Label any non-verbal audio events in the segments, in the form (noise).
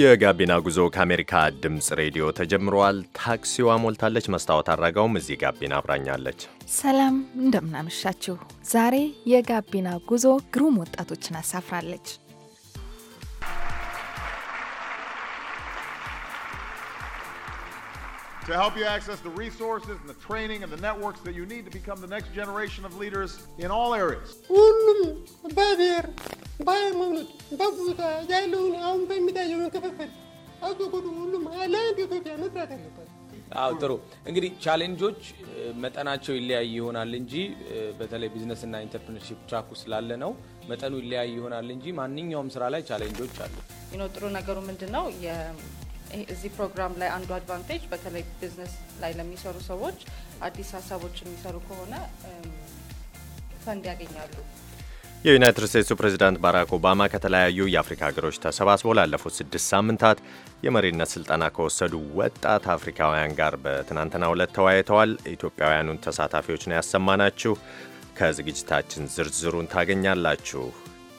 የጋቢና ጉዞ ከአሜሪካ ድምፅ ሬዲዮ ተጀምሯል። ታክሲዋ ሞልታለች። መስታወት አድራጋውም እዚህ ጋቢና አብራኛለች። ሰላም እንደምናመሻችሁ። ዛሬ የጋቢና ጉዞ ግሩም ወጣቶችን አሳፍራለች። to help you access the resources and the training and the networks that you need to become the next generation of leaders in all areas. አዎ ጥሩ። እንግዲህ ቻሌንጆች መጠናቸው ይለያይ ይሆናል እንጂ በተለይ ቢዝነስና ኢንተርፕርነርሺፕ ትራኩ ስላለ ነው መጠኑ ይለያይ ይሆናል እንጂ ማንኛውም ስራ ላይ ቻሌንጆች አሉ። ጥሩ ነገሩ ምንድን ነው? እዚህ ፕሮግራም ላይ አንዱ አድቫንቴጅ በተለይ ቢዝነስ ላይ ለሚሰሩ ሰዎች አዲስ ሀሳቦች የሚሰሩ ከሆነ ፈንድ ያገኛሉ። የዩናይትድ ስቴትሱ ፕሬዚዳንት ባራክ ኦባማ ከተለያዩ የአፍሪካ ሀገሮች ተሰባስበው ላለፉት ስድስት ሳምንታት የመሪነት ስልጠና ከወሰዱ ወጣት አፍሪካውያን ጋር በትናንትናው ዕለት ተወያይተዋል። ኢትዮጵያውያኑን ተሳታፊዎች ነው ያሰማናችሁ። ከዝግጅታችን ዝርዝሩን ታገኛላችሁ።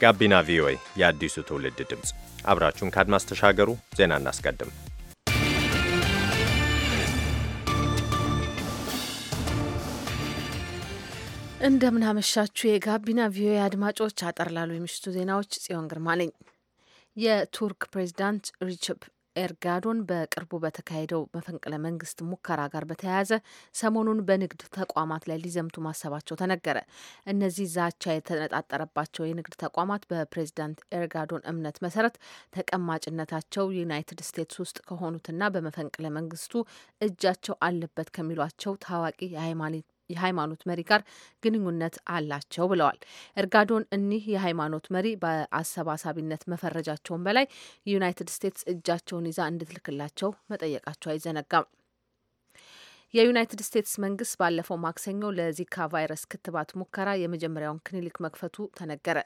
ጋቢና ቪኦኤ የአዲሱ ትውልድ ድምፅ አብራችሁን ከአድማስ ተሻገሩ። ዜና እናስቀድም። እንደምናመሻችሁ የጋቢና ቪኦኤ አድማጮች፣ አጠር ላሉ የምሽቱ ዜናዎች ጽዮን ግርማ ነኝ። የቱርክ ፕሬዚዳንት ሪችፕ ኤርጋዶን በቅርቡ በተካሄደው መፈንቅለ መንግስት ሙከራ ጋር በተያያዘ ሰሞኑን በንግድ ተቋማት ላይ ሊዘምቱ ማሰባቸው ተነገረ። እነዚህ ዛቻ የተነጣጠረባቸው የንግድ ተቋማት በፕሬዚዳንት ኤርጋዶን እምነት መሰረት ተቀማጭነታቸው ዩናይትድ ስቴትስ ውስጥ ከሆኑትና በመፈንቅለ መንግስቱ እጃቸው አለበት ከሚሏቸው ታዋቂ የሃይማኖት የሃይማኖት መሪ ጋር ግንኙነት አላቸው ብለዋል። ኤርጋዶን እኒህ የሃይማኖት መሪ በአሰባሳቢነት መፈረጃቸውን በላይ ዩናይትድ ስቴትስ እጃቸውን ይዛ እንድትልክላቸው መጠየቃቸው አይዘነጋም። የዩናይትድ ስቴትስ መንግስት ባለፈው ማክሰኞ ለዚካ ቫይረስ ክትባት ሙከራ የመጀመሪያውን ክሊኒክ መክፈቱ ተነገረ።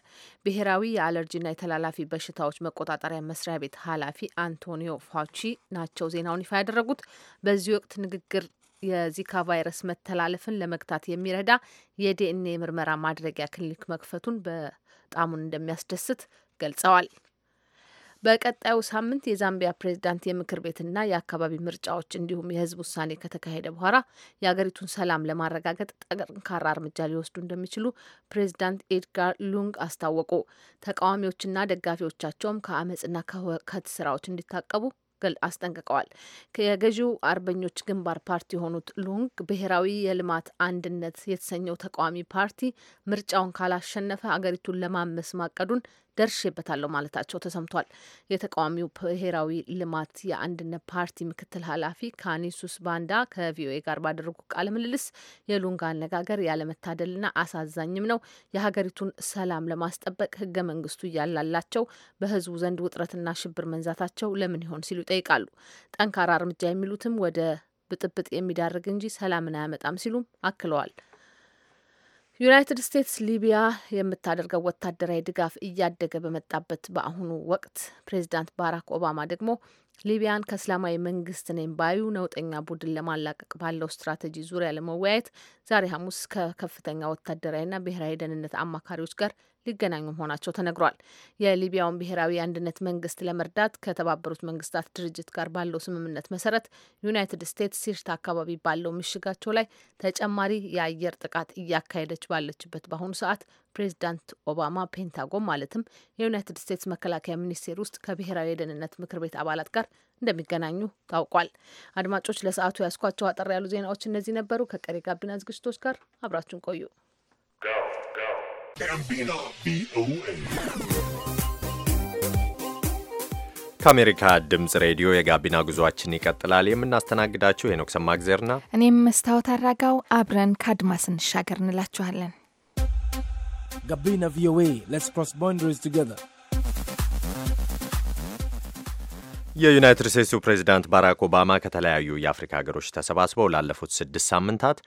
ብሔራዊ የአለርጂና የተላላፊ በሽታዎች መቆጣጠሪያ መስሪያ ቤት ኃላፊ አንቶኒዮ ፋቺ ናቸው ዜናውን ይፋ ያደረጉት። በዚህ ወቅት ንግግር የዚካ ቫይረስ መተላለፍን ለመግታት የሚረዳ የዲኤንኤ ምርመራ ማድረጊያ ክሊኒክ መክፈቱን በጣሙን እንደሚያስደስት ገልጸዋል። በቀጣዩ ሳምንት የዛምቢያ ፕሬዚዳንት የምክር ቤትና የአካባቢ ምርጫዎች እንዲሁም የህዝብ ውሳኔ ከተካሄደ በኋላ የሀገሪቱን ሰላም ለማረጋገጥ ጠንካራ እርምጃ ሊወስዱ እንደሚችሉ ፕሬዚዳንት ኤድጋር ሉንግ አስታወቁ። ተቃዋሚዎችና ደጋፊዎቻቸውም ከአመፅና ከሁከት ስራዎች እንዲታቀቡ አስጠንቅቀዋል። የገዢው አርበኞች ግንባር ፓርቲ የሆኑት ሉንግ ብሔራዊ የልማት አንድነት የተሰኘው ተቃዋሚ ፓርቲ ምርጫውን ካላሸነፈ አገሪቱን ለማመስ ማቀዱን ደርሼበታለሁ ማለታቸው ተሰምቷል። የተቃዋሚው ብሔራዊ ልማት የአንድነት ፓርቲ ምክትል ኃላፊ ካኒሱስ ባንዳ ከቪኦኤ ጋር ባደረጉ ቃለ ምልልስ የሉንጋ አነጋገር ያለመታደልና አሳዛኝም ነው፣ የሀገሪቱን ሰላም ለማስጠበቅ ህገ መንግስቱ እያላላቸው በህዝቡ ዘንድ ውጥረትና ሽብር መንዛታቸው ለምን ይሆን ሲሉ ይጠይቃሉ። ጠንካራ እርምጃ የሚሉትም ወደ ብጥብጥ የሚዳርግ እንጂ ሰላምን አያመጣም ሲሉም አክለዋል። ዩናይትድ ስቴትስ ሊቢያ የምታደርገው ወታደራዊ ድጋፍ እያደገ በመጣበት በአሁኑ ወቅት ፕሬዚዳንት ባራክ ኦባማ ደግሞ ሊቢያን ከእስላማዊ መንግስት ነኝ ባዩ ነውጠኛ ቡድን ለማላቀቅ ባለው ስትራቴጂ ዙሪያ ለመወያየት ዛሬ ሐሙስ ከከፍተኛ ወታደራዊና ብሔራዊ ደህንነት አማካሪዎች ጋር ሊገናኙ መሆናቸው ተነግሯል። የሊቢያውን ብሔራዊ አንድነት መንግስት ለመርዳት ከተባበሩት መንግስታት ድርጅት ጋር ባለው ስምምነት መሰረት ዩናይትድ ስቴትስ ሲርት አካባቢ ባለው ምሽጋቸው ላይ ተጨማሪ የአየር ጥቃት እያካሄደች ባለችበት በአሁኑ ሰዓት ፕሬዚዳንት ኦባማ ፔንታጎን ማለትም የዩናይትድ ስቴትስ መከላከያ ሚኒስቴር ውስጥ ከብሔራዊ የደህንነት ምክር ቤት አባላት ጋር እንደሚገናኙ ታውቋል። አድማጮች ለሰዓቱ ያስኳቸው አጠር ያሉ ዜናዎች እነዚህ ነበሩ። ከቀሪ ጋቢና ዝግጅቶች ጋር አብራችሁን ቆዩ። ጋቢና ቪኦኤ ከአሜሪካ ድምፅ ሬዲዮ የጋቢና ጉዟችን ይቀጥላል። የምናስተናግዳችሁ ሄኖክ ሰማግዜርና እኔም መስታወት አራጋው አብረን ከአድማስ እንሻገር እንላችኋለን። ጋቢና ቪኦኤ ሌትስ ክሮስ ቦንደሪስ ቱጌዘር የዩናይትድ ስቴትሱ ፕሬዚዳንት ባራክ ኦባማ ከተለያዩ የአፍሪካ ሀገሮች ተሰባስበው ላለፉት ስድስት ሳምንታት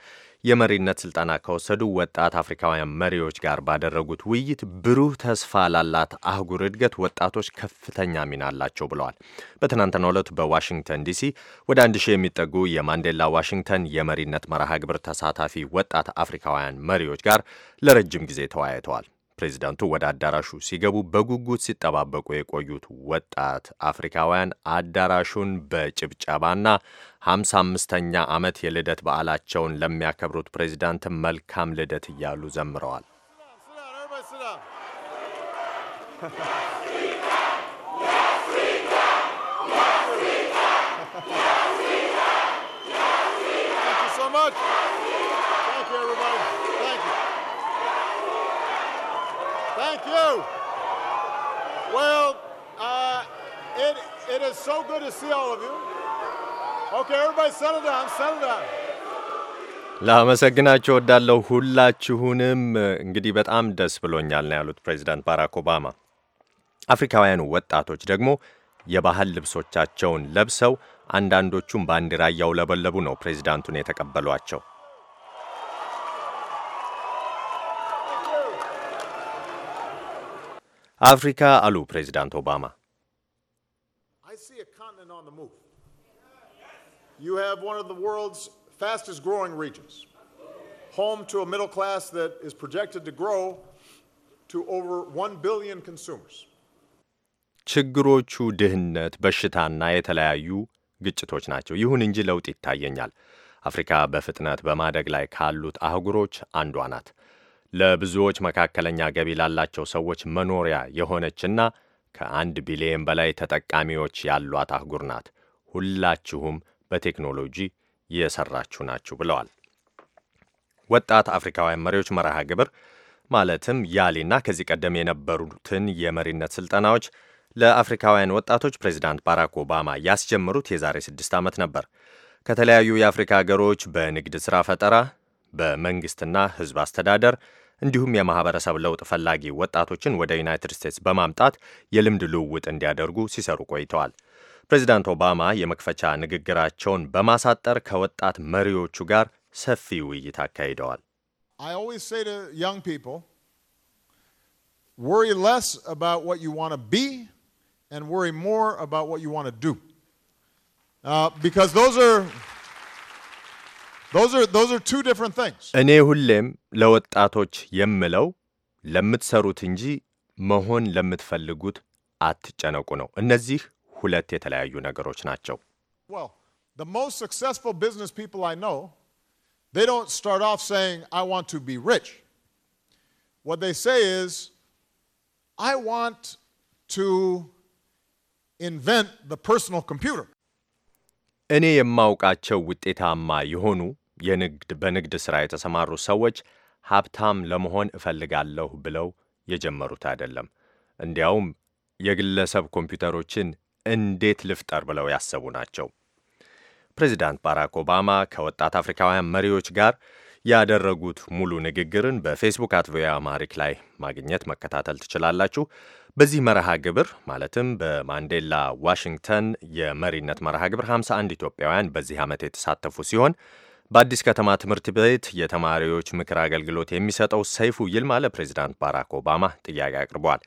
የመሪነት ስልጠና ከወሰዱ ወጣት አፍሪካውያን መሪዎች ጋር ባደረጉት ውይይት ብሩህ ተስፋ ላላት አህጉር እድገት ወጣቶች ከፍተኛ ሚና አላቸው ብለዋል። በትናንትናው ዕለት በዋሽንግተን ዲሲ ወደ አንድ ሺህ የሚጠጉ የማንዴላ ዋሽንግተን የመሪነት መርሃ ግብር ተሳታፊ ወጣት አፍሪካውያን መሪዎች ጋር ለረጅም ጊዜ ተወያይተዋል። ፕሬዚዳንቱ ወደ አዳራሹ ሲገቡ በጉጉት ሲጠባበቁ የቆዩት ወጣት አፍሪካውያን አዳራሹን በጭብጨባና 55ኛ ዓመት የልደት በዓላቸውን ለሚያከብሩት ፕሬዚዳንት መልካም ልደት እያሉ ዘምረዋል። Thank you. Well, uh, it, it is so good to see all of you. Okay, everybody settle down, settle down. ላመሰግናችሁ ወዳለሁ ሁላችሁንም። እንግዲህ በጣም ደስ ብሎኛል ነው ያሉት ፕሬዚዳንት ባራክ ኦባማ። አፍሪካውያኑ ወጣቶች ደግሞ የባህል ልብሶቻቸውን ለብሰው አንዳንዶቹም ባንዲራ እያውለበለቡ ነው ፕሬዚዳንቱን የተቀበሏቸው። አፍሪካ አሉ ፕሬዚዳንት ኦባማ ችግሮቹ ድህነት፣ በሽታና የተለያዩ ግጭቶች ናቸው። ይሁን እንጂ ለውጥ ይታየኛል። አፍሪካ በፍጥነት በማደግ ላይ ካሉት አህጉሮች አንዷ ናት። ለብዙዎች መካከለኛ ገቢ ላላቸው ሰዎች መኖሪያ የሆነችና ከአንድ ቢሊየን በላይ ተጠቃሚዎች ያሏት አህጉር ናት። ሁላችሁም በቴክኖሎጂ የሰራችሁ ናችሁ ብለዋል። ወጣት አፍሪካውያን መሪዎች መርሃ ግብር ማለትም ያሊና ከዚህ ቀደም የነበሩትን የመሪነት ስልጠናዎች ለአፍሪካውያን ወጣቶች ፕሬዚዳንት ባራክ ኦባማ ያስጀምሩት የዛሬ ስድስት ዓመት ነበር። ከተለያዩ የአፍሪካ ሀገሮች በንግድ ሥራ ፈጠራ፣ በመንግሥትና ሕዝብ አስተዳደር እንዲሁም የማህበረሰብ ለውጥ ፈላጊ ወጣቶችን ወደ ዩናይትድ ስቴትስ በማምጣት የልምድ ልውውጥ እንዲያደርጉ ሲሰሩ ቆይተዋል። ፕሬዚዳንት ኦባማ የመክፈቻ ንግግራቸውን በማሳጠር ከወጣት መሪዎቹ ጋር ሰፊ ውይይት አካሂደዋል። ሪ እኔ ሁሌም ለወጣቶች የምለው ለምትሰሩት እንጂ መሆን ለምትፈልጉት አትጨነቁ ነው። እነዚህ ሁለት የተለያዩ ነገሮች ናቸው። እኔ የማውቃቸው ውጤታማ የሆኑ የንግድ በንግድ ሥራ የተሰማሩ ሰዎች ሀብታም ለመሆን እፈልጋለሁ ብለው የጀመሩት አይደለም። እንዲያውም የግለሰብ ኮምፒውተሮችን እንዴት ልፍጠር ብለው ያሰቡ ናቸው። ፕሬዚዳንት ባራክ ኦባማ ከወጣት አፍሪካውያን መሪዎች ጋር ያደረጉት ሙሉ ንግግርን በፌስቡክ አት ቪኦኤ አማሪክ ላይ ማግኘት መከታተል ትችላላችሁ። በዚህ መርሃ ግብር ማለትም በማንዴላ ዋሽንግተን የመሪነት መርሃ ግብር 51 ኢትዮጵያውያን በዚህ ዓመት የተሳተፉ ሲሆን በአዲስ ከተማ ትምህርት ቤት የተማሪዎች ምክር አገልግሎት የሚሰጠው ሰይፉ ይልማ ለፕሬዚዳንት ባራክ ኦባማ ጥያቄ አቅርበዋል።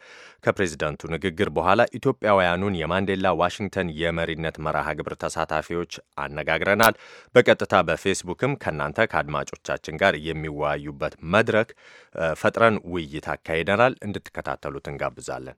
ከፕሬዚዳንቱ ንግግር በኋላ ኢትዮጵያውያኑን የማንዴላ ዋሽንግተን የመሪነት መርሃ ግብር ተሳታፊዎች አነጋግረናል። በቀጥታ በፌስቡክም ከእናንተ ከአድማጮቻችን ጋር የሚወያዩበት መድረክ ፈጥረን ውይይት አካሂደናል። እንድትከታተሉት እንጋብዛለን።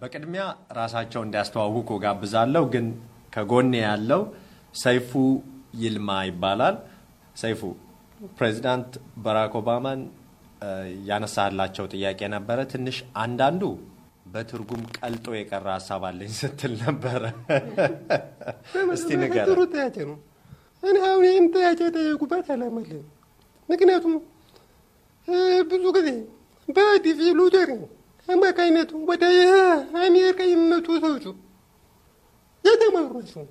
በቅድሚያ ራሳቸው እንዲያስተዋውቁ ጋብዛለሁ። ግን ከጎኔ ያለው ሰይፉ ይልማ ይባላል። ሰይፉ ፕሬዚዳንት ባራክ ኦባማን ያነሳላቸው ጥያቄ ነበረ። ትንሽ አንዳንዱ በትርጉም ቀልጦ የቀረ ሀሳብ አለኝ ስትል ነበረ። እስቲ ንገረን። ጥሩ ጥያቄ ነው። እኔ አሁን ይህን ጥያቄ የጠየቁበት አላመለኝ። ምክንያቱም ብዙ ጊዜ በዲቪ ሉተሪ ነው አማካይነቱ ወደ አሜሪካ የሚመጡ ሰዎቹ የተማሩ ናቸው።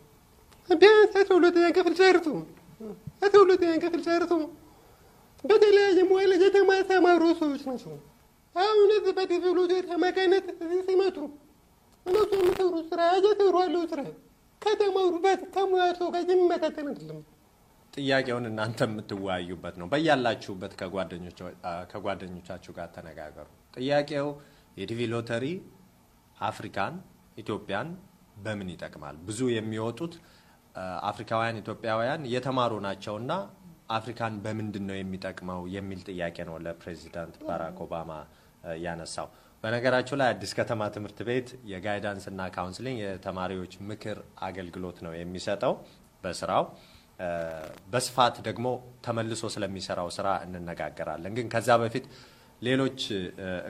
ቢያንስ አስራ ሁለተኛ ክፍል ጨርሱ፣ አስራ ሁለተኛ ክፍል ጨርሱ። በተለያየ መዋለ የተማሩ ሰዎች ናቸው። አሁን እዚህ በቴክኖሎጂ አማካይነት እዚህ ሲመጡ እነሱ የሚሰሩት ስራ እየሰሩ ያለው ስራ ከተማሩበት ከሙያቸው ጋር የሚመጣጠን አይደለም። ጥያቄውን እናንተ የምትወያዩበት ነው። በያላችሁበት ከጓደኞቻችሁ ጋር ተነጋገሩ። ጥያቄው የዲቪ ሎተሪ አፍሪካን ኢትዮጵያን በምን ይጠቅማል? ብዙ የሚወጡት አፍሪካውያን ኢትዮጵያውያን የተማሩ ናቸውና አፍሪካን በምንድን ነው የሚጠቅመው የሚል ጥያቄ ነው ለፕሬዚዳንት ባራክ ኦባማ ያነሳው። በነገራችሁ ላይ አዲስ ከተማ ትምህርት ቤት የጋይዳንስ እና ካውንስሊንግ የተማሪዎች ምክር አገልግሎት ነው የሚሰጠው በስራው በስፋት ደግሞ ተመልሶ ስለሚሰራው ስራ እንነጋገራለን። ግን ከዛ በፊት ሌሎች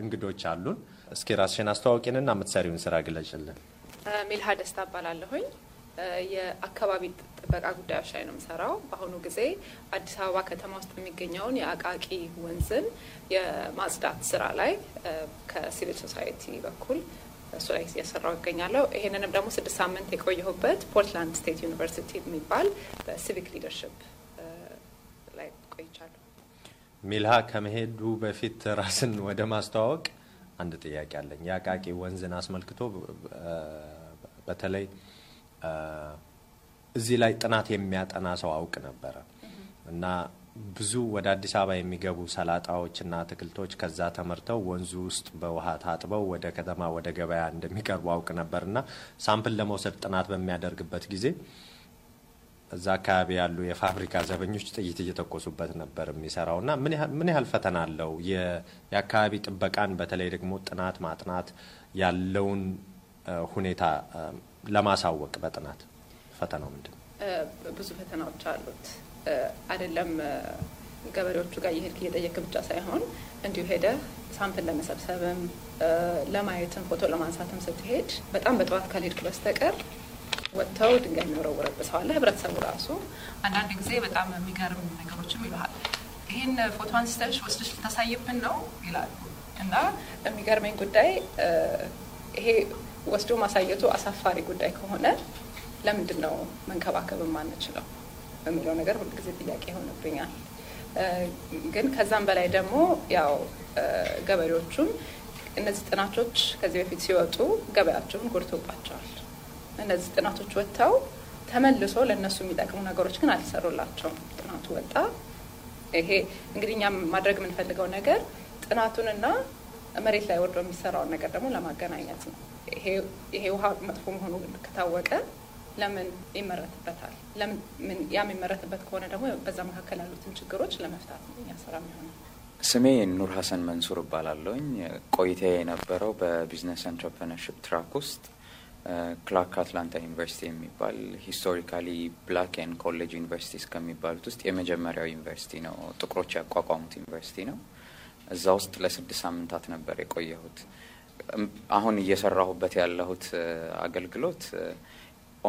እንግዶች አሉን። እስኪ ራስሽን አስተዋውቂንና የምትሰሪውን ስራ ግለጭልን። ሚልሃ ደስታ እባላለሁኝ። የአካባቢ ጥበቃ ጉዳዮች ላይ ነው የምሰራው። በአሁኑ ጊዜ አዲስ አበባ ከተማ ውስጥ የሚገኘውን የአቃቂ ወንዝን የማጽዳት ስራ ላይ ከሲቪል ሶሳይቲ በኩል እሱ ላይ እየሰራው ይገኛለሁ። ይሄንንም ደግሞ ስድስት ሳምንት የቆየሁበት ፖርትላንድ ስቴት ዩኒቨርሲቲ የሚባል በሲቪክ ሊደርሽፕ ላይ ቆይቻለሁ። ሚልሃ ከመሄዱ በፊት ራስን ወደ ማስተዋወቅ አንድ ጥያቄ አለኝ። የአቃቂ ወንዝን አስመልክቶ በተለይ እዚህ ላይ ጥናት የሚያጠና ሰው አውቅ ነበረ እና ብዙ ወደ አዲስ አበባ የሚገቡ ሰላጣዎችና አትክልቶች ከዛ ተመርተው ወንዙ ውስጥ በውሃ ታጥበው ወደ ከተማ ወደ ገበያ እንደሚቀርቡ አውቅ ነበርና ሳምፕል ለመውሰድ ጥናት በሚያደርግበት ጊዜ እዛ አካባቢ ያሉ የፋብሪካ ዘበኞች ጥይት እየተኮሱበት ነበር የሚሰራው እና ምን ያህል ፈተና አለው? የአካባቢ ጥበቃን በተለይ ደግሞ ጥናት ማጥናት ያለውን ሁኔታ ለማሳወቅ በጥናት ፈተናው ምንድን ነው? ብዙ ፈተናዎች አሉት አይደለም። ገበሬዎቹ ጋር የሄድክ እየጠየቅ ብቻ ሳይሆን እንዲሁ ሄደ ሳምፕል ለመሰብሰብም ለማየትም ፎቶ ለማንሳትም ስትሄድ በጣም በጠዋት ካልሄድክ በስተቀር ወጥተው ድንጋይ የሚወረውረብሰዋለ ህብረተሰቡ ራሱ አንዳንድ ጊዜ በጣም የሚገርም ነገሮችም ይልሃል። ይህን ፎቶ አንስተሽ ወስደሽ ልታሳይብን ነው ይላሉ። እና የሚገርመኝ ጉዳይ ይሄ ወስዶ ማሳየቱ አሳፋሪ ጉዳይ ከሆነ ለምንድን ነው መንከባከብ የማንችለው በሚለው ነገር ሁልጊዜ ጥያቄ ይሆንብኛል። ግን ከዛም በላይ ደግሞ ያው ገበሬዎቹም እነዚህ ጥናቶች ከዚህ በፊት ሲወጡ ገበያቸውን ጎድቶባቸዋል። እነዚህ ጥናቶች ወጥተው ተመልሶ ለእነሱ የሚጠቅሙ ነገሮች ግን አልተሰሩላቸውም። ጥናቱ ወጣ። ይሄ እንግዲህ እኛ ማድረግ የምንፈልገው ነገር ጥናቱንና መሬት ላይ ወርዶ የሚሰራውን ነገር ደግሞ ለማገናኘት ነው። ይሄ ውሃ መጥፎ መሆኑ ከታወቀ ለምን ይመረትበታል? ለምን ያ የሚመረትበት ከሆነ ደግሞ በዛ መካከል ያሉትን ችግሮች ለመፍታት ነው እኛ ስራ የሚሆነው። ስሜ ኑር ሀሰን መንሱር እባላለሁኝ። ቆይታ የነበረው በቢዝነስ ኤንትረፕረነርሽፕ ትራክ ውስጥ ክላርክ አትላንታ ዩኒቨርሲቲ የሚባል ሂስቶሪካሊ ብላክ ን ኮሌጅ ዩኒቨርሲቲስ ከሚባሉት ውስጥ የመጀመሪያው ዩኒቨርሲቲ ነው። ጥቁሮች ያቋቋሙት ዩኒቨርሲቲ ነው። እዛ ውስጥ ለስድስት ሳምንታት ነበር የቆየሁት። አሁን እየሰራሁበት ያለሁት አገልግሎት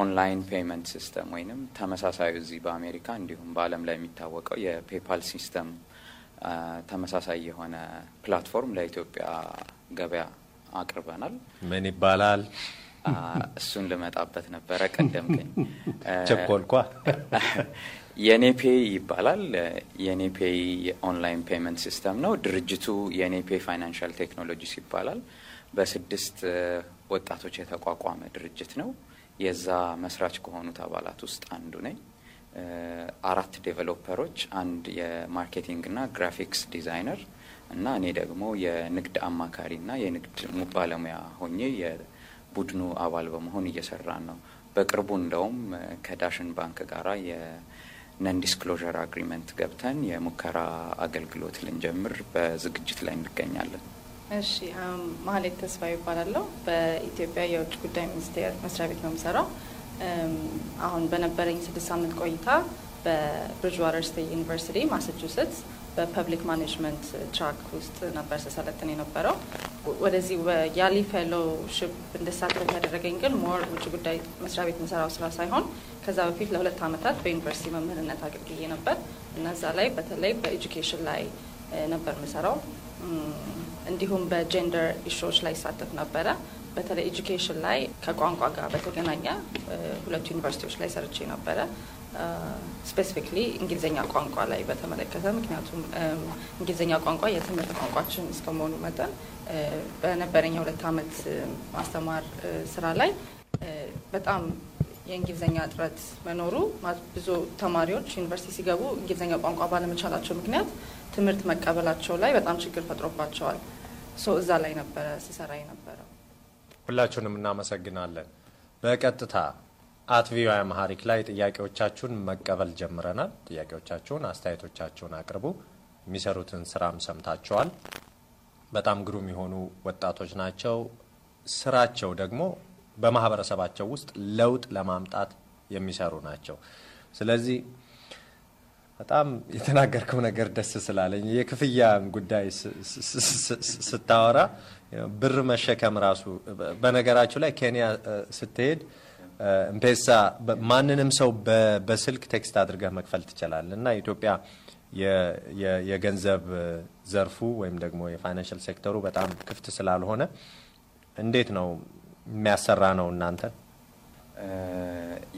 ኦንላይን ፔይመንት ሲስተም ወይንም ተመሳሳዩ እዚህ በአሜሪካ እንዲሁም በአለም ላይ የሚታወቀው የፔፓል ሲስተም ተመሳሳይ የሆነ ፕላትፎርም ለኢትዮጵያ ገበያ አቅርበናል። ምን ይባላል? እሱን ልመጣበት ነበረ። ቀደምከኝ። ቸኮልኳ። የኔፔ ይባላል። የኔፔ የኦንላይን ፔመንት ሲስተም ነው። ድርጅቱ የኔፔ ፋይናንሻል ቴክኖሎጂስ ይባላል። በስድስት ወጣቶች የተቋቋመ ድርጅት ነው። የዛ መስራች ከሆኑት አባላት ውስጥ አንዱ ነኝ። አራት ዴቨሎፐሮች፣ አንድ የማርኬቲንግና ግራፊክስ ዲዛይነር እና እኔ ደግሞ የንግድ አማካሪና የንግድ ባለሙያ ሆኜ ቡድኑ አባል በመሆን እየሰራን ነው። በቅርቡ እንደውም ከዳሽን ባንክ ጋር የነን ዲስክሎዥር አግሪመንት ገብተን የሙከራ አገልግሎት ልንጀምር በዝግጅት ላይ እንገኛለን። እሺ፣ ማህሌት ተስፋ ይባላለሁ። በኢትዮጵያ የውጭ ጉዳይ ሚኒስቴር መስሪያ ቤት ነው የምሰራው። አሁን በነበረኝ ስድስት ሳምንት ቆይታ በብሪጅዋተር ስቴት ዩኒቨርሲቲ ማሳቹሴትስ በፐብሊክ ማኔጅመንት ትራክ ውስጥ ነበር ስሰለጥን የነበረው። ወደዚህ ያሊ ፌሎውሺፕ እንድሳተፍ ያደረገኝ ግን ሞር ውጭ ጉዳይ መስሪያ ቤት መሰራው ስራ ሳይሆን ከዛ በፊት ለሁለት ዓመታት በዩኒቨርሲቲ መምህርነት አገልግዬ ነበር እና እዛ ላይ በተለይ በኤጁኬሽን ላይ ነበር ምሰራው እንዲሁም በጀንደር ኢሾዎች ላይ ይሳተፍ ነበረ። በተለይ ኤጁኬሽን ላይ ከቋንቋ ጋር በተገናኘ ሁለቱ ዩኒቨርሲቲዎች ላይ ሰርቼ ነበረ። ስፔሲፊክሊ እንግሊዝኛ ቋንቋ ላይ በተመለከተ ምክንያቱም እንግሊዝኛ ቋንቋ የትምህርት ቋንቋችን እስከመሆኑ መጠን በነበረኛ የሁለት አመት ማስተማር ስራ ላይ በጣም የእንግሊዝኛ እጥረት መኖሩ ብዙ ተማሪዎች ዩኒቨርሲቲ ሲገቡ እንግሊዝኛ ቋንቋ ባለመቻላቸው ምክንያት ትምህርት መቀበላቸው ላይ በጣም ችግር ፈጥሮባቸዋል። እዛ ላይ ነበረ ሲሰራ የነበረው። ሁላችሁንም እናመሰግናለን። በቀጥታ አት ቪኦኤ አማሪክ ላይ ጥያቄዎቻችሁን መቀበል ጀምረናል። ጥያቄዎቻችሁን፣ አስተያየቶቻችሁን አቅርቡ። የሚሰሩትን ስራም ሰምታችኋል። በጣም ግሩም የሆኑ ወጣቶች ናቸው። ስራቸው ደግሞ በማህበረሰባቸው ውስጥ ለውጥ ለማምጣት የሚሰሩ ናቸው። ስለዚህ በጣም የተናገርከው ነገር ደስ ስላለኝ የክፍያ ጉዳይ ስታወራ ብር መሸከም ራሱ በነገራችሁ ላይ ኬንያ ስትሄድ እምፔሳ ማንንም ሰው በስልክ ቴክስት አድርገህ መክፈል ትችላል እና ኢትዮጵያ የገንዘብ ዘርፉ ወይም ደግሞ የፋይናንሽል ሴክተሩ በጣም ክፍት ስላልሆነ እንዴት ነው የሚያሰራ ነው እናንተ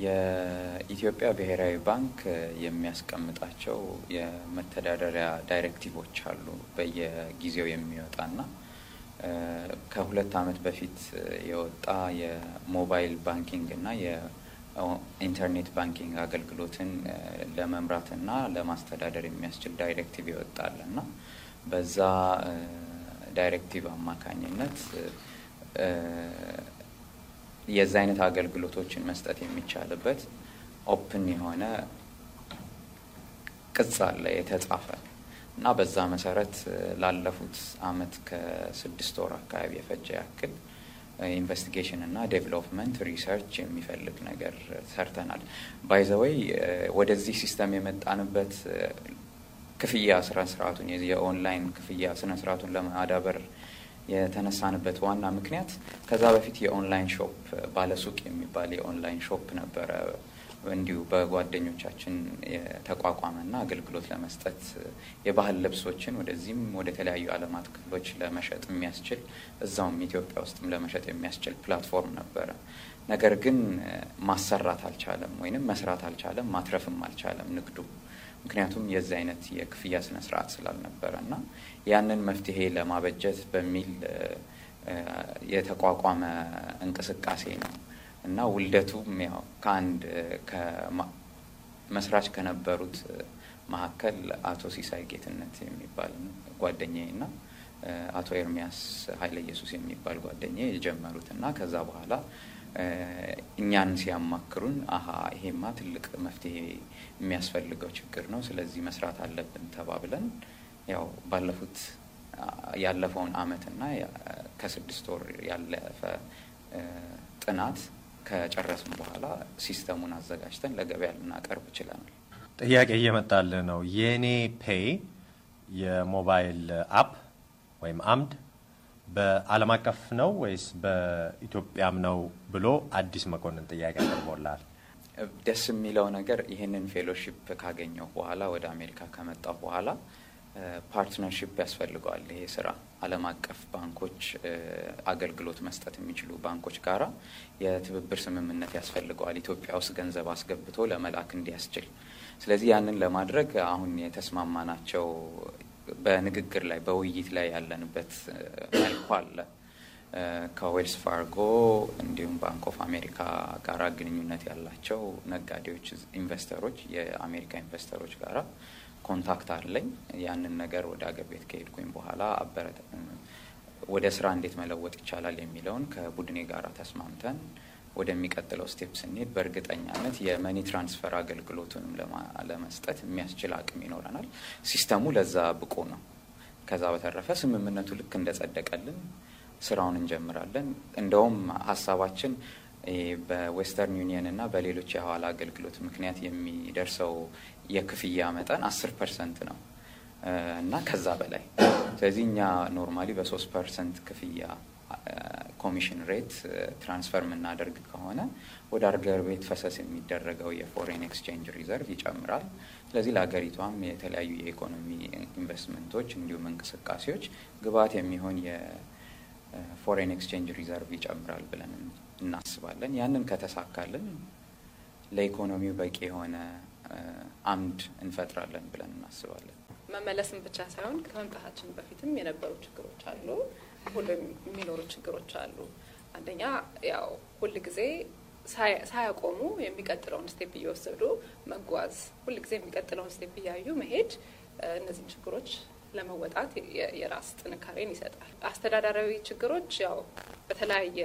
የኢትዮጵያ ብሔራዊ ባንክ የሚያስቀምጣቸው የመተዳደሪያ ዳይሬክቲቮች አሉ በየጊዜው ና ከሁለት ዓመት በፊት የወጣ የሞባይል ባንኪንግ እና የኢንተርኔት ባንኪንግ አገልግሎትን ለመምራት እና ለማስተዳደር የሚያስችል ዳይሬክቲቭ ይወጣል እና በዛ ዳይሬክቲቭ አማካኝነት የዚ አይነት አገልግሎቶችን መስጠት የሚቻልበት ኦፕን የሆነ ቅጽ አለ የተጻፈ እና በዛ መሰረት ላለፉት አመት ከስድስት ወር አካባቢ የፈጀ ያክል ኢንቨስቲጌሽን እና ዴቨሎፕመንት ሪሰርች የሚፈልግ ነገር ሰርተናል። ባይዘወይ ወደዚህ ሲስተም የመጣንበት ክፍያ ስነ ስርዓቱን የኦንላይን ክፍያ ስነ ስርዓቱን ለማዳበር የተነሳንበት ዋና ምክንያት ከዛ በፊት የኦንላይን ሾፕ ባለሱቅ የሚባል የኦንላይን ሾፕ ነበረ እንዲሁ በጓደኞቻችን የተቋቋመና አገልግሎት ለመስጠት የባህል ልብሶችን ወደዚህም ወደ ተለያዩ ዓለማት ክፍሎች ለመሸጥ የሚያስችል እዛውም ኢትዮጵያ ውስጥም ለመሸጥ የሚያስችል ፕላትፎርም ነበረ። ነገር ግን ማሰራት አልቻለም፣ ወይንም መስራት አልቻለም፣ ማትረፍም አልቻለም ንግዱ ምክንያቱም የዚህ አይነት የክፍያ ስነ ስርዓት ስላልነበረ እና ያንን መፍትሄ ለማበጀት በሚል የተቋቋመ እንቅስቃሴ ነው። እና ውልደቱም ያው ከአንድ መስራች ከነበሩት መካከል አቶ ሲሳይ ጌትነት የሚባል ጓደኛዬ እና አቶ ኤርሚያስ ኃይለ ኢየሱስ የሚባል ጓደኛ የጀመሩት እና ከዛ በኋላ እኛን ሲያማክሩን አሀ ይሄማ ትልቅ መፍትሄ የሚያስፈልገው ችግር ነው፣ ስለዚህ መስራት አለብን ተባብለን ያው ባለፉት ያለፈውን አመት እና ከስድስት ወር ያለፈ ጥናት ከጨረስን በኋላ ሲስተሙን አዘጋጅተን ለገበያ ልናቀርብ ችለናል። ጥያቄ እየመጣልን ነው። የኔ ፔይ የሞባይል አፕ ወይም አምድ በዓለም አቀፍ ነው ወይስ በኢትዮጵያም ነው ብሎ አዲስ መኮንን ጥያቄ አቅርቦላል። ደስ የሚለው ነገር ይህንን ፌሎሺፕ ካገኘሁ በኋላ ወደ አሜሪካ ከመጣሁ በኋላ ፓርትነርሽፕ ያስፈልገዋል። ይሄ ስራ ዓለም አቀፍ ባንኮች አገልግሎት መስጠት የሚችሉ ባንኮች ጋራ የትብብር ስምምነት ያስፈልገዋል ኢትዮጵያ ውስጥ ገንዘብ አስገብቶ ለመላክ እንዲያስችል። ስለዚህ ያንን ለማድረግ አሁን የተስማማናቸው በንግግር ላይ በውይይት ላይ ያለንበት መልኩ አለ። ከዌልስ ፋርጎ እንዲሁም ባንክ ኦፍ አሜሪካ ጋራ ግንኙነት ያላቸው ነጋዴዎች፣ ኢንቨስተሮች የአሜሪካ ኢንቨስተሮች ጋራ ኮንታክት አለኝ። ያንን ነገር ወደ አገር ቤት ከሄድኩኝ በኋላ አበረተ ወደ ስራ እንዴት መለወጥ ይቻላል የሚለውን ከቡድኔ ጋር ተስማምተን ወደሚቀጥለው ስቴፕ ስንሄድ በእርግጠኛነት የመኒ ትራንስፈር አገልግሎቱንም ለመስጠት የሚያስችል አቅም ይኖረናል። ሲስተሙ ለዛ ብቁ ነው። ከዛ በተረፈ ስምምነቱ ልክ እንደጸደቀልን ስራውን እንጀምራለን። እንደውም ሀሳባችን በዌስተርን ዩኒየን እና በሌሎች የሐዋላ አገልግሎት ምክንያት የሚደርሰው የክፍያ መጠን አስር ፐርሰንት ነው እና ከዛ በላይ ስለዚህ እኛ ኖርማሊ በሶስት ፐርሰንት ክፍያ ኮሚሽን ሬት ትራንስፈር የምናደርግ ከሆነ ወደ አርገር ቤት ፈሰስ የሚደረገው የፎሬን ኤክስቼንጅ ሪዘርቭ ይጨምራል። ስለዚህ ለሀገሪቷም የተለያዩ የኢኮኖሚ ኢንቨስትመንቶች እንዲሁም እንቅስቃሴዎች ግብዓት የሚሆን የፎሬን ኤክስቼንጅ ሪዘርቭ ይጨምራል ብለን እናስባለን። ያንን ከተሳካልን ለኢኮኖሚው በቂ የሆነ አምድ እንፈጥራለን ብለን እናስባለን። መመለስም ብቻ ሳይሆን ከመምጣታችን በፊትም የነበሩ ችግሮች አሉ፣ ሁሉም የሚኖሩ ችግሮች አሉ። አንደኛ ያው ሁል ጊዜ ሳያቆሙ የሚቀጥለውን ስቴፕ እየወሰዱ መጓዝ፣ ሁል ጊዜ የሚቀጥለውን ስቴፕ እያዩ መሄድ እነዚህን ችግሮች ለመወጣት የራስ ጥንካሬን ይሰጣል። አስተዳደራዊ ችግሮች ያው በተለያየ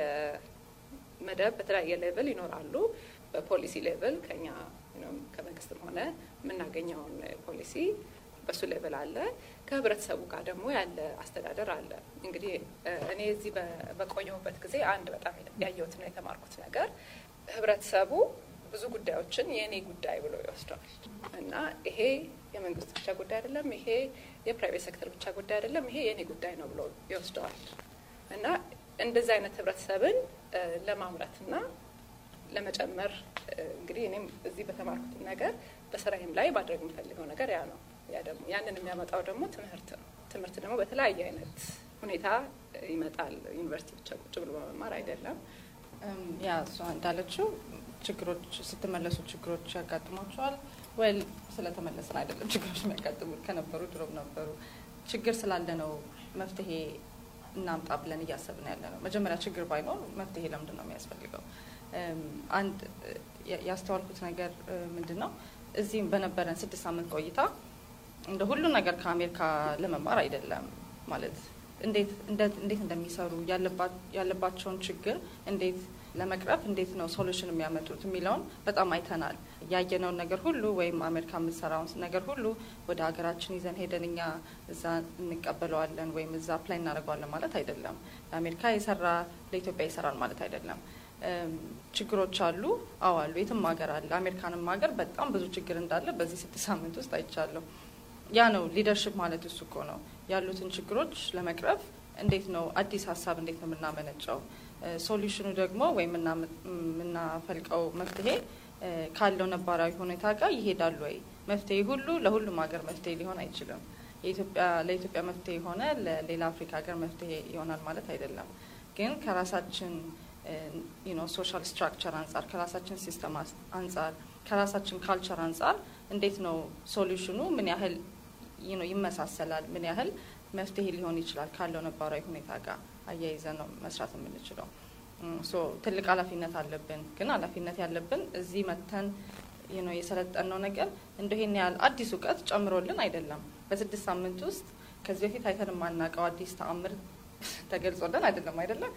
መደብ በተለያየ ሌቭል ይኖራሉ። በፖሊሲ ሌቭል ከኛ ከመንግስትም ሆነ የምናገኘውን ፖሊሲ በሱ ሌቨል አለ። ከህብረተሰቡ ጋር ደግሞ ያለ አስተዳደር አለ። እንግዲህ እኔ እዚህ በቆየሁበት ጊዜ አንድ በጣም ያየሁትና የተማርኩት ነገር ህብረተሰቡ ብዙ ጉዳዮችን የእኔ ጉዳይ ብሎ ይወስደዋል እና ይሄ የመንግስት ብቻ ጉዳይ አይደለም፣ ይሄ የፕራይቬት ሴክተር ብቻ ጉዳይ አይደለም፣ ይሄ የእኔ ጉዳይ ነው ብሎ ይወስደዋል እና እንደዚህ አይነት ህብረተሰብን ለማምረትና ለመጨመር እንግዲህ እኔም እዚህ በተማርኩት ነገር በስራይም ላይ ማድረግ የምፈልገው ነገር ያ ነው። ያ ደግሞ ያንን የሚያመጣው ደግሞ ትምህርት ነው። ትምህርት ደግሞ በተለያየ አይነት ሁኔታ ይመጣል። ዩኒቨርሲቲ ብቻ ቁጭ ብሎ በመማር አይደለም። ያ እሷ እንዳለችው ችግሮች ስትመለሱ ችግሮች ያጋጥሟቸዋል። ወይ ስለተመለስን አይደለም ችግሮች የሚያጋጥሙ ከነበሩ ድሮም ነበሩ። ችግር ስላለ ነው መፍትሄ እናምጣ ብለን እያሰብን ያለ ነው። መጀመሪያ ችግር ባይኖር መፍትሄ ለምንድን ነው የሚያስፈልገው? አንድ ያስተዋልኩት ነገር ምንድን ነው እዚህም በነበረን ስድስት ሳምንት ቆይታ እንደ ሁሉ ነገር ከአሜሪካ ለመማር አይደለም ማለት እንዴት እንደሚሰሩ ያለባቸውን ችግር እንዴት ለመቅረፍ እንዴት ነው ሶሉሽን የሚያመጡት የሚለውን በጣም አይተናል። ያየነውን ነገር ሁሉ ወይም አሜሪካ የምትሰራውን ነገር ሁሉ ወደ ሀገራችን ይዘን ሄደን እኛ እዛ እንቀበለዋለን ወይም እዛ አፕላይ እናደርገዋለን ማለት አይደለም። ለአሜሪካ የሰራ ለኢትዮጵያ ይሰራል ማለት አይደለም። ችግሮች አሉ። አዎ አሉ። የትም ሀገር አለ። አሜሪካንም ሀገር በጣም ብዙ ችግር እንዳለ በዚህ ስድስት ሳምንት ውስጥ አይቻለሁ። ያ ነው ሊደርሽፕ ማለት እሱ እኮ ነው። ያሉትን ችግሮች ለመቅረፍ እንዴት ነው አዲስ ሀሳብ እንዴት ነው የምናመነጨው? ሶሉሽኑ ደግሞ ወይም የምናፈልቀው መፍትሄ ካለው ነባራዊ ሁኔታ ጋር ይሄዳሉ ወይ? መፍትሄ ሁሉ ለሁሉም ሀገር መፍትሄ ሊሆን አይችልም። የኢትዮጵያ ለኢትዮጵያ መፍትሄ የሆነ ለሌላ አፍሪካ ሀገር መፍትሄ ይሆናል ማለት አይደለም። ግን ከራሳችን ሶሻል ስትራክቸር አንጻር ከራሳችን ሲስተም አንጻር ከራሳችን ካልቸር አንጻር እንዴት ነው ሶሉሽኑ ምን ያህል ይመሳሰላል፣ ምን ያህል መፍትሄ ሊሆን ይችላል ካለው ነባራዊ ሁኔታ ጋር አያይዘን ነው መስራት የምንችለው። ትልቅ ኃላፊነት አለብን። ግን ኃላፊነት ያለብን እዚህ መተን የሰለጠነው ነገር እንደ ይሄን ያህል አዲስ እውቀት ጨምሮልን አይደለም። በስድስት ሳምንት ውስጥ ከዚህ በፊት አይተን የማናውቀው አዲስ ተአምር ተገልጾልን አይደለም አይደለም።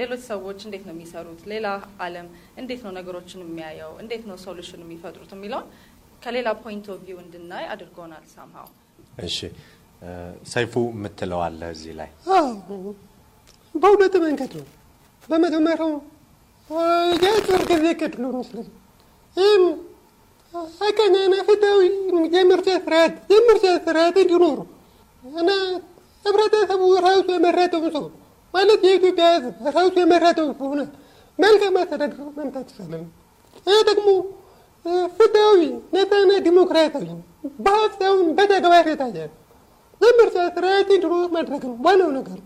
ሌሎች ሰዎች እንዴት ነው የሚሰሩት? ሌላ ዓለም እንዴት ነው ነገሮችን የሚያየው? እንዴት ነው ሶሉሽን የሚፈጥሩት የሚለውን ከሌላ ፖይንት ኦፍ ቪው እንድናይ አድርጎናል ሳምሃው። እሺ ሰይፉ የምትለው አለ እዚህ ላይ በሁለት መንገድ ነው። በመጀመሪያው የጽድቅ ዝቅድ ነው መስሎኝ ይህም ሀቀኛና ፍትሃዊ የምርጫ ስርዓት የምርጫ ስርዓት እንዲኖሩ እና ህብረተሰቡ ራሱ የመረጠውን ሰው ማለት የኢትዮጵያ ህዝብ ራሱ የመረጠውን ከሆነ መልካም አስተዳደር መምታት ይቻላል። ይህ ደግሞ ፍትሐዊ ነፃና ዲሞክራሲያዊ በሀሳብ ሳይሆን በተግባር የታየ ዘምርቻ ስርዓት ድሮ ማድረግ ነው ዋናው ነገር።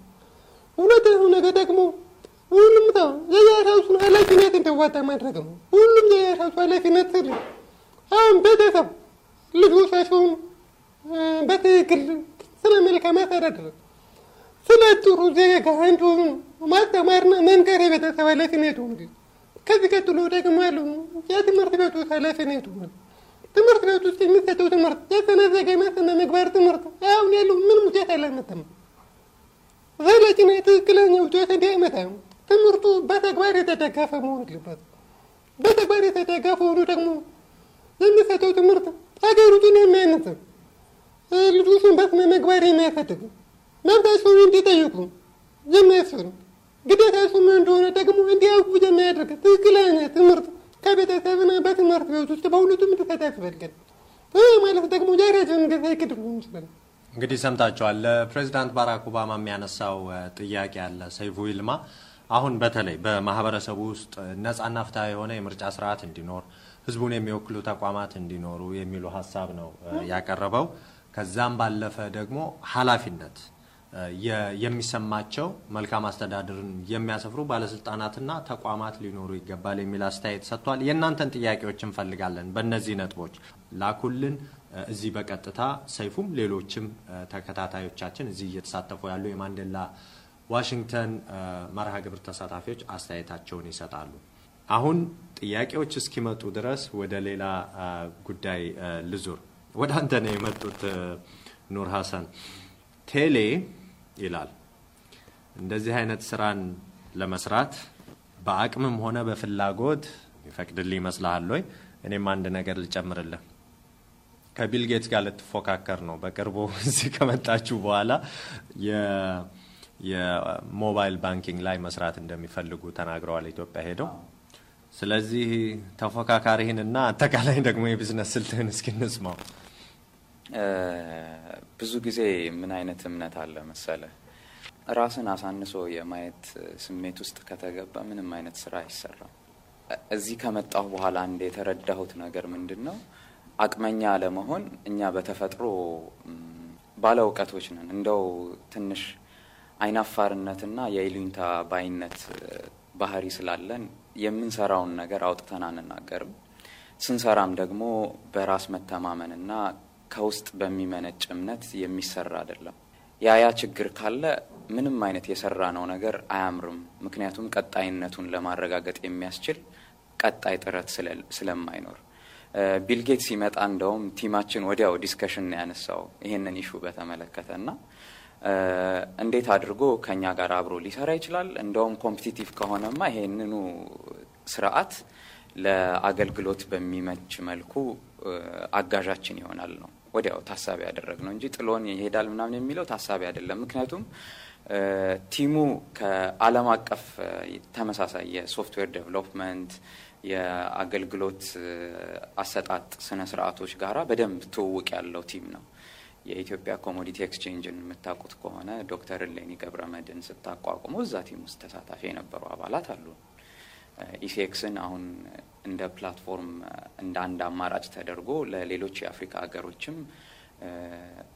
ሁለተኛው ነገር ደግሞ ሁሉም ሰው የየራሱን ኃላፊነት እንዲወጣ ማድረግ ነው። ሁሉም የየራሱ ኃላፊነት ስል አሁን ቤተሰብ ልጆቻቸውን በትክክል ስለ መልካም ማስተዳደር፣ ስለ ጥሩ ዜጋ አንዱ ማስተማርና መንገር የቤተሰብ ኃላፊነቱ ነው። ከዚህ ቀጥሎ ደግሞ ያሉ የትምህርት ቤቱ ኃላፊነቱ ነው። ትምህርት ቤት ውስጥ የሚሰጠው ትምህርት የተነዘገና ስነ ምግባር ትምህርት አሁን ያሉ ምን ውጤት አላመጣም። ዘለቂና ትክክለኛ ውጤት እንዲያመጣ ትምህርቱ በተግባር የተደገፈ መሆን አለበት። በተግባር የተደገፈ ሆኖ ደግሞ የሚሰጠው ትምህርት ሀገሪቱን የሚያነጽም ልጆችን በስነ መግባር የሚያሳድጉ መብታቸውን እንዲጠይቁ የሚያስፈሩ ግዴታቸው ምን እንደሆነ ደግሞ እንዲያውቁ የሚያደርግ ትክክለኛ ትምህርት ከቤተሰብና በትምህርት ቤት ውስጥ በሁለቱም እንዲሰጥ ያስፈልጋል። ይህ ማለት ደግሞ የራሳቸውን ገዛ አይክድ ይችላል። እንግዲህ ሰምታችኋል። ለፕሬዚዳንት ባራክ ኦባማ የሚያነሳው ጥያቄ አለ ሰይፉ ይልማ አሁን በተለይ በማህበረሰቡ ውስጥ ነጻና ፍትሐዊ የሆነ የምርጫ ስርዓት እንዲኖር ህዝቡን የሚወክሉ ተቋማት እንዲኖሩ የሚሉ ሀሳብ ነው ያቀረበው። ከዛም ባለፈ ደግሞ ኃላፊነት የሚሰማቸው መልካም አስተዳደርን የሚያሰፍሩ ባለስልጣናትና ተቋማት ሊኖሩ ይገባል የሚል አስተያየት ሰጥቷል። የእናንተን ጥያቄዎች እንፈልጋለን። በእነዚህ ነጥቦች ላኩልን። እዚህ በቀጥታ ሰይፉም ሌሎችም ተከታታዮቻችን እዚህ እየተሳተፉ ያሉ የማንዴላ ዋሽንግተን መርሃ ግብር ተሳታፊዎች አስተያየታቸውን ይሰጣሉ። አሁን ጥያቄዎች እስኪመጡ ድረስ ወደ ሌላ ጉዳይ ልዙር። ወደ አንተ ነው የመጡት። ኑር ሀሰን ቴሌ ይላል እንደዚህ አይነት ስራን ለመስራት በአቅምም ሆነ በፍላጎት ይፈቅድልህ ይመስልሃል ወይ? እኔም አንድ ነገር ልጨምርልህ። ከቢል ጌትስ ጋር ልትፎካከር ነው። በቅርቡ (laughs) እዚህ ከመጣችሁ በኋላ የሞባይል ባንኪንግ ላይ መስራት እንደሚፈልጉ ተናግረዋል ኢትዮጵያ ሄደው። ስለዚህ ተፎካካሪህንና አጠቃላይ ደግሞ የቢዝነስ ስልትህን እስኪ እንስማው። ብዙ ጊዜ ምን አይነት እምነት አለ መሰለ፣ ራስን አሳንሶ የማየት ስሜት ውስጥ ከተገባ ምንም አይነት ስራ አይሰራም። እዚህ ከመጣሁ በኋላ አንድ የተረዳሁት ነገር ምንድን ነው፣ አቅመኛ አለመሆን። እኛ በተፈጥሮ ባለ እውቀቶች ነን። እንደው ትንሽ አይናፋርነትና የኢሉኝታ ባይነት ባህሪ ስላለን የምንሰራውን ነገር አውጥተን አንናገርም። ስንሰራም ደግሞ በራስ መተማመንና ከውስጥ በሚመነጭ እምነት የሚሰራ አይደለም። ያ ችግር ካለ ምንም አይነት የሰራ ነው ነገር አያምርም። ምክንያቱም ቀጣይነቱን ለማረጋገጥ የሚያስችል ቀጣይ ጥረት ስለማይኖር ቢልጌት ሲመጣ እንደውም ቲማችን ወዲያው ዲስከሽን ያነሳው ይህንን ኢሹ በተመለከተ እና እንዴት አድርጎ ከኛ ጋር አብሮ ሊሰራ ይችላል። እንደውም ኮምፒቲቲቭ ከሆነማ ይሄንኑ ስርዓት ለአገልግሎት በሚመች መልኩ አጋዣችን ይሆናል ነው። ወዲያው ታሳቢ ያደረግ ነው እንጂ ጥሎን ይሄዳል ምናምን የሚለው ታሳቢ አይደለም። ምክንያቱም ቲሙ ከዓለም አቀፍ ተመሳሳይ የሶፍትዌር ዴቨሎፕመንት የአገልግሎት አሰጣጥ ስነ ስርዓቶች ጋራ በደንብ ትውውቅ ያለው ቲም ነው። የኢትዮጵያ ኮሞዲቲ ኤክስቼንጅን የምታውቁት ከሆነ ዶክተር እሌኒ መድን ስታቋቁሙ እዛ ቲም ውስጥ ተሳታፊ የነበሩ አባላት አሉ። ኢፌክስን አሁን እንደ ፕላትፎርም እንደ አንድ አማራጭ ተደርጎ ለሌሎች የአፍሪካ ሀገሮችም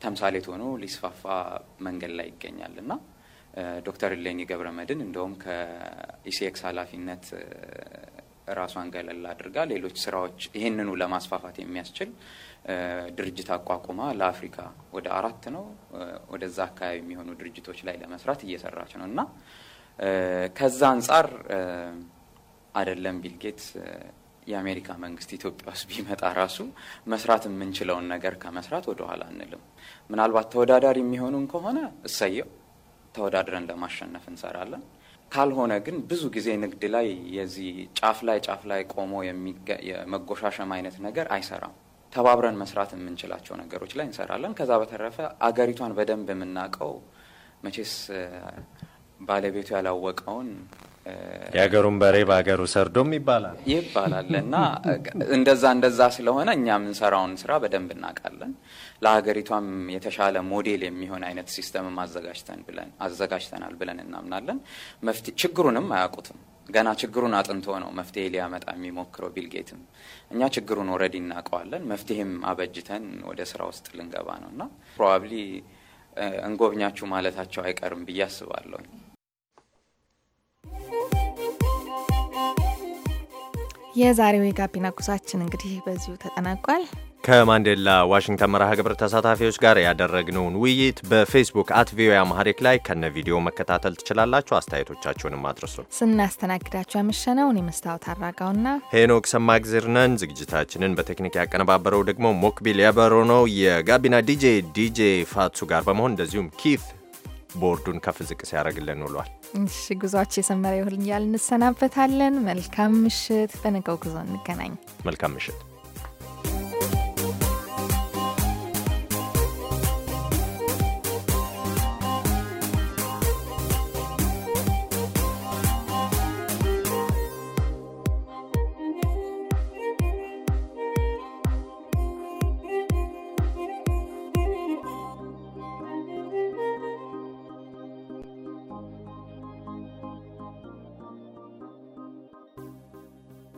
ተምሳሌት ሆኖ ሊስፋፋ መንገድ ላይ ይገኛል እና ዶክተር ገብረ መድን እንደውም ከኢሲኤክስ ኃላፊነት ራሷን ገለል አድርጋ ሌሎች ስራዎች ይህንኑ ለማስፋፋት የሚያስችል ድርጅት አቋቁማ ለአፍሪካ ወደ አራት ነው ወደዛ አካባቢ የሚሆኑ ድርጅቶች ላይ ለመስራት እየሰራች ነው እና ከዛ አንጻር አይደለም ቢልጌት የአሜሪካ መንግስት ኢትዮጵያ ውስጥ ቢመጣ ራሱ መስራት የምንችለውን ነገር ከመስራት ወደ ኋላ አንልም። ምናልባት ተወዳዳሪ የሚሆኑን ከሆነ እሰየው፣ ተወዳድረን ለማሸነፍ እንሰራለን። ካልሆነ ግን ብዙ ጊዜ ንግድ ላይ የዚህ ጫፍ ላይ ጫፍ ላይ ቆሞ የመጎሻሸም አይነት ነገር አይሰራም። ተባብረን መስራት የምንችላቸው ነገሮች ላይ እንሰራለን። ከዛ በተረፈ አገሪቷን በደንብ የምናውቀው መቼስ ባለቤቱ ያላወቀውን የሀገሩን በሬ በሀገሩ ሰርዶም ይባላል ይባላል። እና እንደዛ እንደዛ ስለሆነ እኛ የምንሰራውን ስራ በደንብ እናውቃለን። ለሀገሪቷም የተሻለ ሞዴል የሚሆን አይነት ሲስተምም አዘጋጅተን ብለን አዘጋጅተናል ብለን እናምናለን። መፍት ችግሩንም አያውቁትም። ገና ችግሩን አጥንቶ ነው መፍትሄ ሊያመጣ የሚሞክረው ቢልጌትም። እኛ ችግሩን ኦልሬዲ እናውቀዋለን። መፍትሄም አበጅተን ወደ ስራ ውስጥ ልንገባ ነው እና ፕሮባብሊ እንጎብኛችሁ ማለታቸው አይቀርም ብዬ አስባለሁ። የዛሬው የጋቢና ጉዟችን እንግዲህ በዚሁ ተጠናቋል። ከማንዴላ ዋሽንግተን መርሃ ግብር ተሳታፊዎች ጋር ያደረግነውን ውይይት በፌስቡክ አት ቪኦኤ አማሪክ ላይ ከነ ቪዲዮ መከታተል ትችላላችሁ። አስተያየቶቻችሁንም አድርሱ። ስናስተናግዳችሁ ያመሸነው እኔ መስታወት አራጋውና ሄኖክ ሰማግዜር ነን። ዝግጅታችንን በቴክኒክ ያቀነባበረው ደግሞ ሞክቢል ያበሮ ነው። የጋቢና ዲጄ ዲጄ ፋቱ ጋር በመሆን እንደዚሁም ኪፍ ቦርዱን ከፍ ዝቅ ሲያደርግልን ውሏል። እሺ ጉዟችሁ የሰመረ ይሁን እያልን እንሰናበታለን። መልካም ምሽት። በነገው ጉዞ እንገናኝ። መልካም ምሽት።